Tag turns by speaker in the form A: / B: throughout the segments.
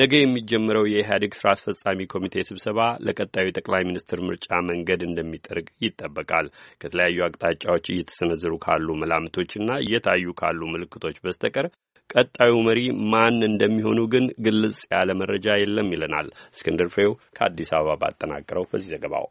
A: ነገ የሚጀምረው የኢህአዴግ ስራ አስፈጻሚ ኮሚቴ ስብሰባ ለቀጣዩ ጠቅላይ ሚኒስትር ምርጫ መንገድ እንደሚጠርግ ይጠበቃል። ከተለያዩ አቅጣጫዎች እየተሰነዘሩ ካሉ መላምቶችና እየታዩ ካሉ ምልክቶች በስተቀር ቀጣዩ መሪ ማን እንደሚሆኑ ግን ግልጽ ያለ መረጃ የለም ይለናል። እስክንድር ፍሬው ከአዲስ አበባ ባጠናቀረው በዚህ ዘገባው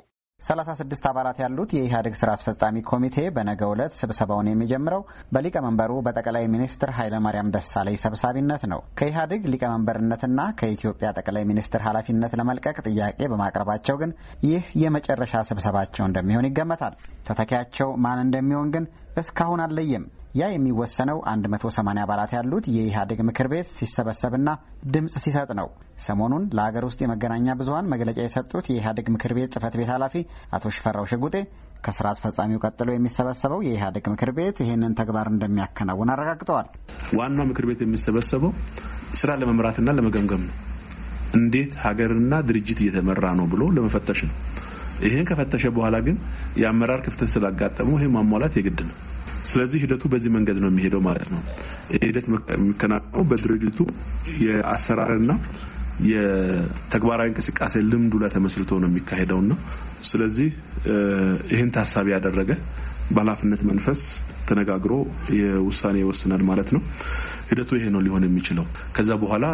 B: ሰላሳ ስድስት አባላት ያሉት የኢህአዴግ ስራ አስፈጻሚ ኮሚቴ በነገ ዕለት ስብሰባውን የሚጀምረው በሊቀመንበሩ በጠቅላይ ሚኒስትር ኃይለማርያም ደሳለኝ ሰብሳቢነት ነው። ከኢህአዴግ ሊቀመንበርነትና ከኢትዮጵያ ጠቅላይ ሚኒስትር ኃላፊነት ለመልቀቅ ጥያቄ በማቅረባቸው ግን ይህ የመጨረሻ ስብሰባቸው እንደሚሆን ይገመታል። ተተኪያቸው ማን እንደሚሆን ግን እስካሁን አልለየም። ያ የሚወሰነው 180 አባላት ያሉት የኢህአዴግ ምክር ቤት ሲሰበሰብና ድምፅ ሲሰጥ ነው። ሰሞኑን ለሀገር ውስጥ የመገናኛ ብዙሀን መግለጫ የሰጡት የኢህአዴግ ምክር ቤት ጽህፈት ቤት ኃላፊ አቶ ሽፈራው ሽጉጤ ከስራ አስፈጻሚው ቀጥሎ የሚሰበሰበው የኢህአዴግ ምክር ቤት ይህንን ተግባር እንደሚያከናውን አረጋግጠዋል። ዋናው ምክር ቤት የሚሰበሰበው
C: ስራ ለመምራትና ለመገምገም ነው። እንዴት
B: ሀገርና ድርጅት እየተመራ
C: ነው ብሎ ለመፈተሽ ነው። ይህን ከፈተሸ በኋላ ግን የአመራር ክፍተት ስላጋጠመው ይህ ማሟላት የግድ ነው። ስለዚህ ሂደቱ በዚህ መንገድ ነው የሚሄደው ማለት ነው። ሂደት የሚከናወነው በድርጅቱ የአሰራርና የተግባራዊ እንቅስቃሴ ልምዱ ላይ ተመስርቶ ነው የሚካሄደው ና ስለዚህ ይህን ታሳቢ ያደረገ በኃላፊነት መንፈስ ተነጋግሮ የውሳኔ ይወስናል ማለት ነው። ሂደቱ ይሄ ነው ሊሆን የሚችለው። ከዛ በኋላ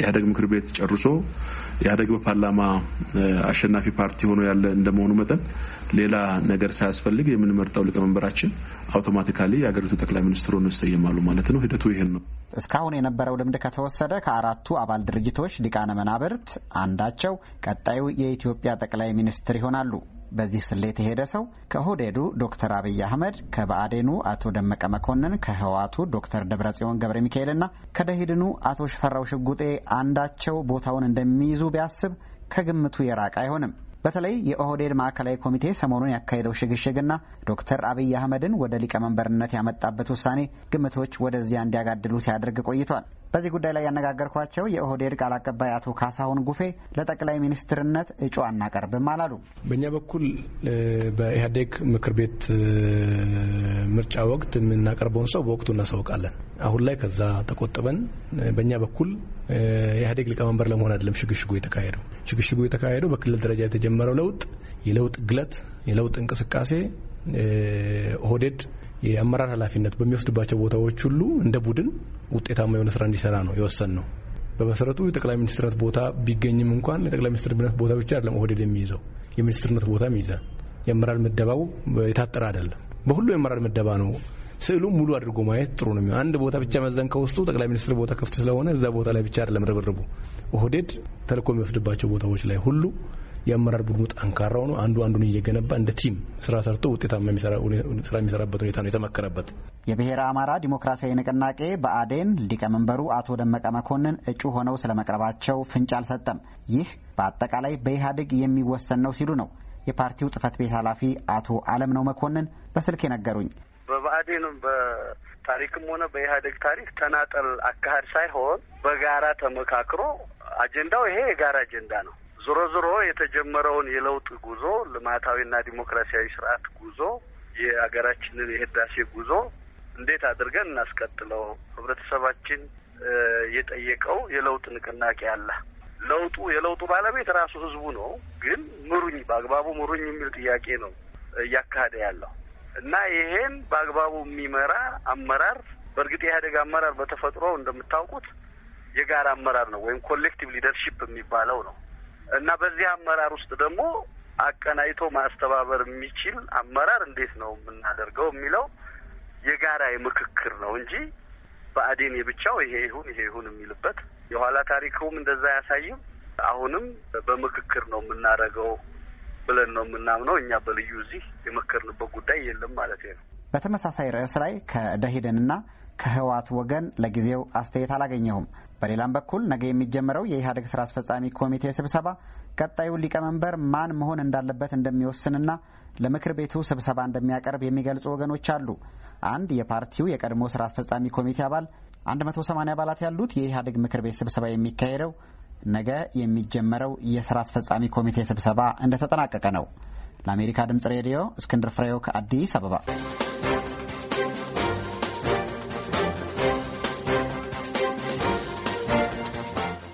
C: ኢህአዴግ ምክር ቤት ጨርሶ ኢህአዴግ በፓርላማ አሸናፊ ፓርቲ ሆኖ ያለ እንደመሆኑ መጠን ሌላ ነገር ሳያስፈልግ የምንመርጠው ሊቀመንበራችን አውቶማቲካሊ የሀገሪቱ ጠቅላይ ሚኒስትር ሆኖ ይሰየማሉ ማለት ነው። ሂደቱ ይሄ ነው።
B: እስካሁን የነበረው ልምድ ከተወሰደ ከአራቱ አባል ድርጅቶች ሊቃነ መናብርት አንዳቸው ቀጣዩ የኢትዮጵያ ጠቅላይ ሚኒስትር ይሆናሉ። በዚህ ስሌት የሄደ ሰው ከሆዴዱ ዶክተር አብይ አህመድ፣ ከበአዴኑ አቶ ደመቀ መኮንን፣ ከህወሓቱ ዶክተር ደብረጽዮን ገብረ ሚካኤልና ከደሂድኑ አቶ ሽፈራው ሽጉጤ አንዳቸው ቦታውን እንደሚይዙ ቢያስብ ከግምቱ የራቀ አይሆንም። በተለይ የኦህዴድ ማዕከላዊ ኮሚቴ ሰሞኑን ያካሄደው ሽግሽግና ዶክተር አብይ አህመድን ወደ ሊቀመንበርነት ያመጣበት ውሳኔ ግምቶች ወደዚያ እንዲያጋድሉ ሲያደርግ ቆይቷል። በዚህ ጉዳይ ላይ ያነጋገርኳቸው የኦህዴድ ቃል አቀባይ አቶ ካሳሁን ጉፌ ለጠቅላይ ሚኒስትርነት እጩ አናቀርብም አላሉ። በእኛ በኩል
D: በኢህአዴግ ምክር ቤት ምርጫ ወቅት የምናቀርበውን ሰው በወቅቱ እናሳውቃለን። አሁን ላይ ከዛ ተቆጥበን በእኛ በኩል ኢህአዴግ ሊቀመንበር ለመሆን አይደለም ሽግሽጉ የተካሄደው። ሽግሽጉ የተካሄደው በክልል ደረጃ የተጀመረው ለውጥ የለውጥ ግለት የለውጥ እንቅስቃሴ ኦህዴድ የአመራር ኃላፊነት በሚወስድባቸው ቦታዎች ሁሉ እንደ ቡድን ውጤታማ የሆነ ስራ እንዲሰራ ነው የወሰን ነው። በመሰረቱ የጠቅላይ ሚኒስትርነት ቦታ ቢገኝም እንኳን የጠቅላይ ሚኒስትርነት ቦታ ብቻ አይደለም ኦህዴድ የሚይዘው የሚኒስትርነት ቦታም ይይዛል። የአመራር ምደባው የታጠረ አይደለም። በሁሉ የአመራር ምደባ ነው። ስዕሉ ሙሉ አድርጎ ማየት ጥሩ ነው። አንድ ቦታ ብቻ መዘን ከውስጡ ጠቅላይ ሚኒስትር ቦታ ክፍት ስለሆነ እዛ ቦታ ላይ ብቻ አይደለም ርብርቡ። ኦህዴድ ተልእኮ የሚወስድባቸው ቦታዎች ላይ ሁሉ የአመራር ቡድኑ ጠንካራ ሆኖ አንዱ አንዱን እየገነባ እንደ ቲም ስራ ሰርቶ ውጤታማ ስራ
B: የሚሰራበት ሁኔታ ነው የተመከረበት። የብሔረ አማራ ዲሞክራሲያዊ ንቅናቄ በአዴን ሊቀመንበሩ አቶ ደመቀ መኮንን እጩ ሆነው ስለመቅረባቸው ፍንጭ አልሰጠም። ይህ በአጠቃላይ በኢህአዴግ የሚወሰን ነው ሲሉ ነው የፓርቲው ጽህፈት ቤት ኃላፊ አቶ አለምነው መኮንን በስልክ የነገሩኝ።
A: በብአዴንም በታሪክም ሆነ በኢህአዴግ ታሪክ ተናጠል አካሄድ ሳይሆን በጋራ ተመካክሮ አጀንዳው ይሄ የጋራ አጀንዳ ነው። ዞሮ ዞሮ የተጀመረውን የለውጥ ጉዞ ልማታዊና ዲሞክራሲያዊ ስርዓት ጉዞ የሀገራችንን የህዳሴ ጉዞ እንዴት አድርገን እናስቀጥለው? ህብረተሰባችን የጠየቀው የለውጥ ንቅናቄ አለ። ለውጡ የለውጡ ባለቤት ራሱ ህዝቡ ነው። ግን ምሩኝ፣ በአግባቡ ምሩኝ የሚል ጥያቄ ነው እያካሄደ ያለው እና ይሄን በአግባቡ የሚመራ አመራር በእርግጥ የኢህአዴግ አመራር በተፈጥሮ እንደምታውቁት የጋራ አመራር ነው ወይም ኮሌክቲቭ ሊደርሺፕ የሚባለው ነው። እና በዚህ አመራር ውስጥ ደግሞ አቀናይቶ ማስተባበር የሚችል አመራር እንዴት ነው የምናደርገው የሚለው የጋራ የምክክር ነው እንጂ በአዴን የብቻው ይሄ ይሁን ይሄ ይሁን የሚልበት የኋላ ታሪክውም እንደዛ አያሳይም። አሁንም በምክክር ነው የምናደርገው ብለን ነው የምናምነው። እኛ በልዩ እዚህ የመከርንበት ጉዳይ የለም ማለት ነው።
B: በተመሳሳይ ርዕስ ላይ ከደኢህዴንና ከህወሓት ወገን ለጊዜው አስተያየት አላገኘሁም። በሌላም በኩል ነገ የሚጀመረው የኢህአዴግ ስራ አስፈጻሚ ኮሚቴ ስብሰባ ቀጣዩ ሊቀመንበር ማን መሆን እንዳለበት እንደሚወስንና ለምክር ቤቱ ስብሰባ እንደሚያቀርብ የሚገልጹ ወገኖች አሉ። አንድ የፓርቲው የቀድሞ ስራ አስፈጻሚ ኮሚቴ አባል 180 አባላት ያሉት የኢህአዴግ ምክር ቤት ስብሰባ የሚካሄደው ነገ የሚጀመረው የስራ አስፈጻሚ ኮሚቴ ስብሰባ እንደተጠናቀቀ ነው። ለአሜሪካ ድምጽ ሬዲዮ እስክንድር ፍሬው ከአዲስ አበባ